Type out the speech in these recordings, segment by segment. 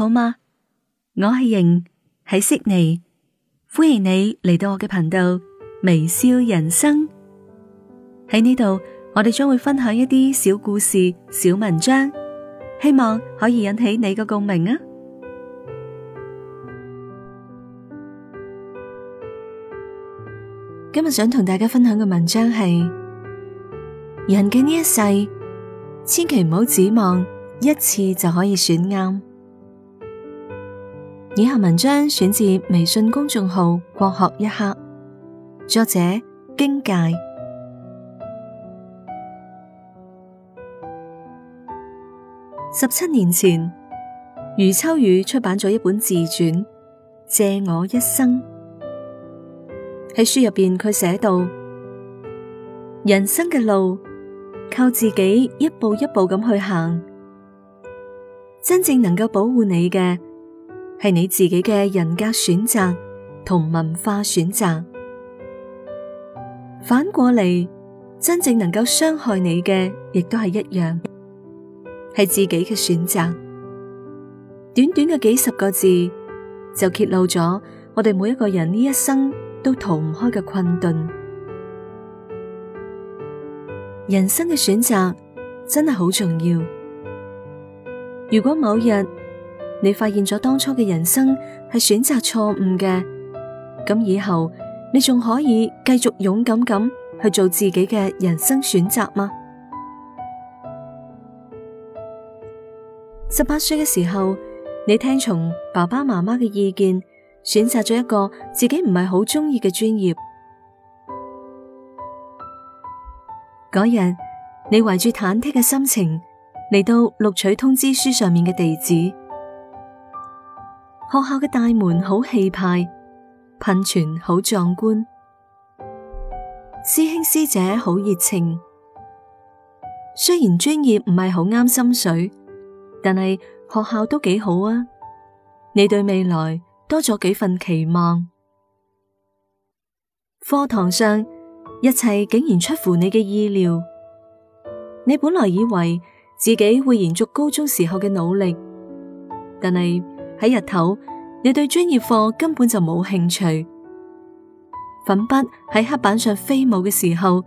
好嗎？我係瑩，喺悉尼，歡迎你嚟到我嘅頻道微笑人生。喺呢度，我哋將會分享一啲小故事、小文章，希望可以引起你嘅共鳴啊！今日想同大家分享嘅文章係：人嘅呢一世，千祈唔好指望一次就可以選啱。以下文章選自微信公眾號國學一刻，作者荊介。十七年前，余秋雨出版咗一本自傳《借我一生》，喺書入邊佢寫到：人生嘅路，靠自己一步一步咁去行，真正能夠保護你嘅，係你自己嘅人格選擇同文化選擇，反過嚟，真正能夠傷害你嘅，亦都係一樣，係自己嘅選擇。短短嘅幾十個字，就揭露咗我哋每一個人呢一生都逃唔開嘅困頓。人生嘅選擇真係好重要。如果某日，你發現咗當初嘅人生係選擇錯誤嘅，咁以後你仲可以繼續勇敢咁去做自己嘅人生選擇嗎？十八歲嘅時候，你聽從爸爸媽媽嘅意見，選擇咗一個自己唔係好中意嘅專業。嗰日，你懷住忐忑嘅心情嚟到錄取通知書上面嘅地址。學校嘅大門好氣派，噴泉好壯觀，師兄師姐好熱情。雖然專業唔係好啱心水，但係學校都幾好啊。你對未來多咗幾份期望。課堂上，一切竟然出乎你嘅意料。你本來以為自己會延續高中時候嘅努力，但係。喺日頭，你對專業課根本就冇興趣。粉筆喺黑板上飛舞嘅時候，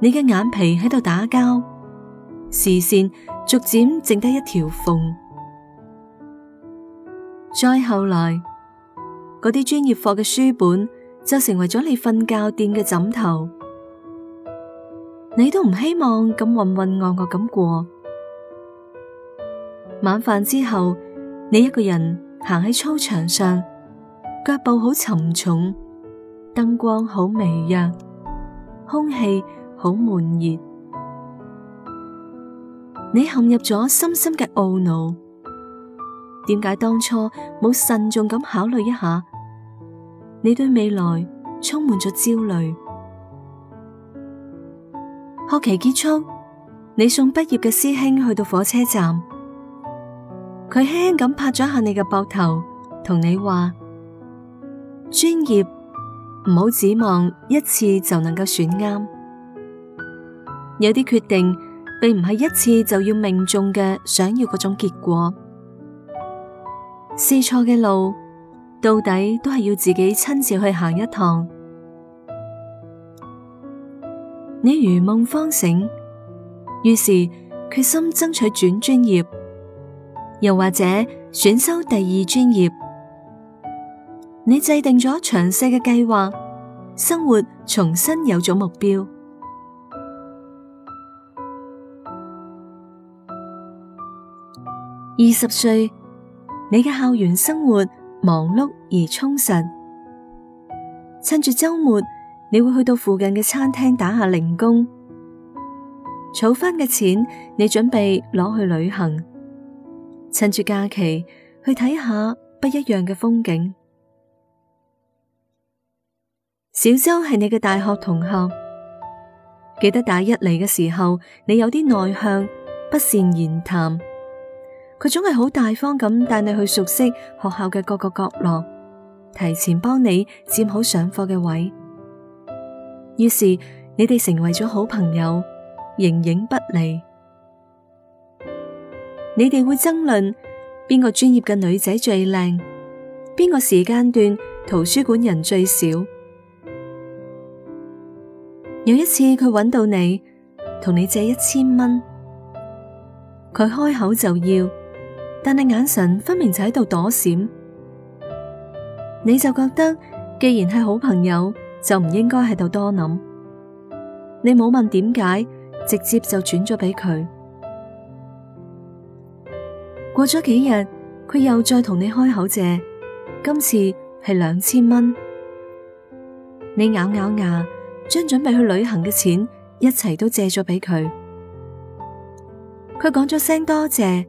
你嘅眼皮喺度打交，視線逐漸剩低一條縫。再後來，嗰啲專業課嘅書本就成為咗你瞓覺墊嘅枕頭。你都唔希望咁混混噩噩咁過。晚飯之後，你一個人。行喺操場上，腳步好沉重，燈光好微弱，空氣好悶熱。你陷入咗深深嘅懊惱，點解當初冇慎重咁考慮一下？你對未來充滿咗焦慮。學期結束，你送畢業嘅師兄去到火車站。佢輕輕咁拍咗下你嘅膊頭，同你話：專業唔好指望一次就能夠選啱，有啲決定並唔係一次就要命中嘅，想要嗰種結果，試錯嘅路到底都係要自己親自去行一趟。你如夢方醒，於是決心爭取轉專業。又或者選修第二專業，你制定咗詳細嘅計劃，生活重新有咗目標。二十歲，你嘅校園生活忙碌而充實。趁住週末，你會去到附近嘅餐廳打下零工，儲翻嘅錢，你準備攞去旅行。趁住假期去睇下不一樣嘅風景。小周係你嘅大學同學，記得大一嚟嘅時候，你有啲內向，不善言談。佢總係好大方咁帶你去熟悉學校嘅各個角落，提前幫你佔好上課嘅位。於是你哋成為咗好朋友，形影不離。你哋會爭論邊個專業嘅女仔最靚，邊個時間段圖書館人最少。有一次佢揾到你，同你借一千蚊，佢開口就要，但你眼神分明就喺度躲閃，你就覺得既然係好朋友，就唔應該喺度多諗，你冇問點解，直接就轉咗俾佢。過咗幾日，佢又再同你開口借，今次係兩千蚊。你咬咬牙，將準備去旅行嘅錢一齊都借咗俾佢。佢講咗聲多謝，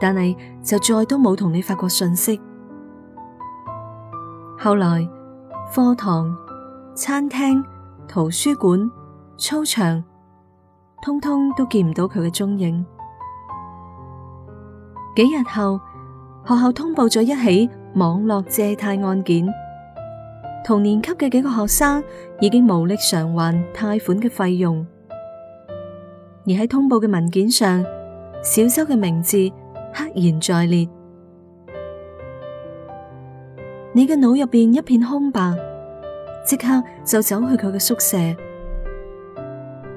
但係就再都冇同你發過信息。後來，課堂、餐廳、圖書館、操場，通通都見唔到佢嘅蹤影。幾日後，學校通報咗一起網絡借貸案件。同年級嘅幾個學生已經無力償還貸款嘅費用，而喺通報嘅文件上，小周嘅名字赫然在列。你嘅腦入邊一片空白，即刻就走去佢嘅宿舍，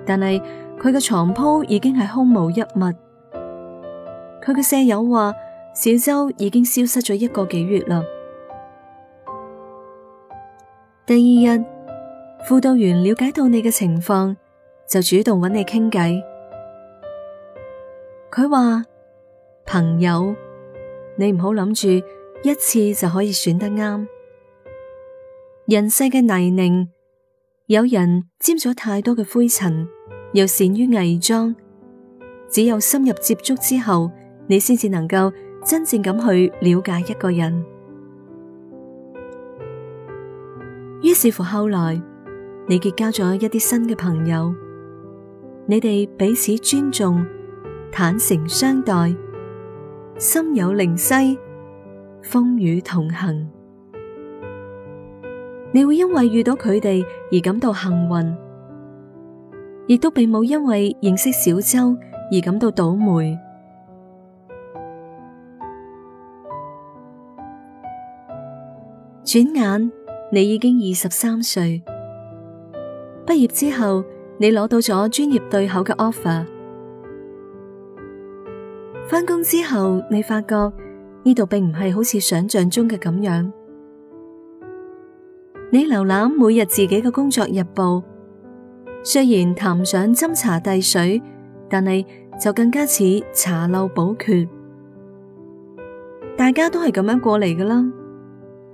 但係佢嘅床鋪已經係空無一物。佢嘅舍友話：小周已經消失咗一個幾月啦。第二日，輔導員了解到你嘅情況，就主動揾你傾偈。佢話：朋友，你唔好諗住一次就可以選得啱。人世嘅泥濘，有人沾咗太多嘅灰塵，又善於偽裝；只有深入接觸之後。你先至能夠真正咁去了解一個人。於是乎，後來你結交咗一啲新嘅朋友，你哋彼此尊重、坦誠相待、心有靈犀、風雨同行。你會因為遇到佢哋而感到幸運，亦都並冇因為認識小周而感到倒霉。轉眼，你已經二十三歲。畢業之後，你攞到咗專業對口嘅 offer。翻工之後，你發覺呢度並唔係好似想象中嘅咁樣。你瀏覽每日自己嘅工作日報，雖然談上斟茶遞水，但係就更加似查漏補缺。大家都係咁樣過嚟㗎啦。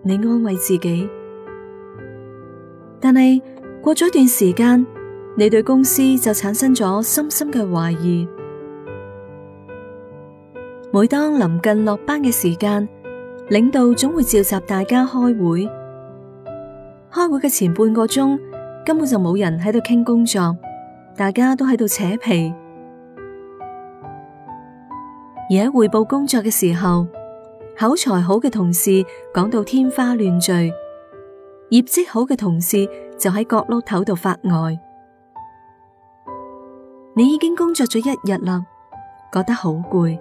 你安慰自己，但係過咗一段時間，你對公司就產生咗深深嘅懷疑。每當臨近落班嘅時間，領導總會召集大家開會。開會嘅前半個鐘，根本就冇人喺度傾工作，大家都喺度扯皮。而喺匯報工作嘅時候，口才好嘅同事講到天花亂墜，業績好嘅同事就喺角落頭度發呆。你已經工作咗一日啦，覺得好攰，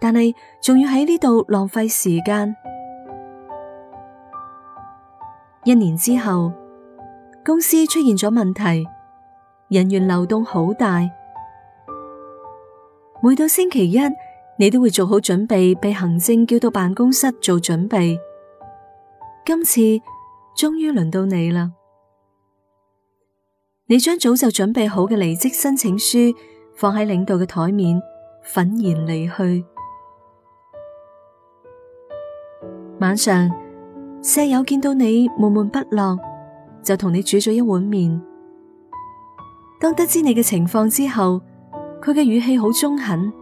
但係仲要喺呢度浪費時間。一年之後，公司出現咗問題，人員流動好大，每到星期一，你都會做好準備，被行政叫到辦公室做準備。今次終於輪到你啦！你將早就準備好嘅離職申請書放喺領導嘅台面，憤然離去。晚上，舍友見到你悶悶不樂，就同你煮咗一碗麵。當得知你嘅情況之後，佢嘅語氣好中肯。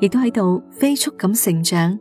亦都喺度飛速咁成長。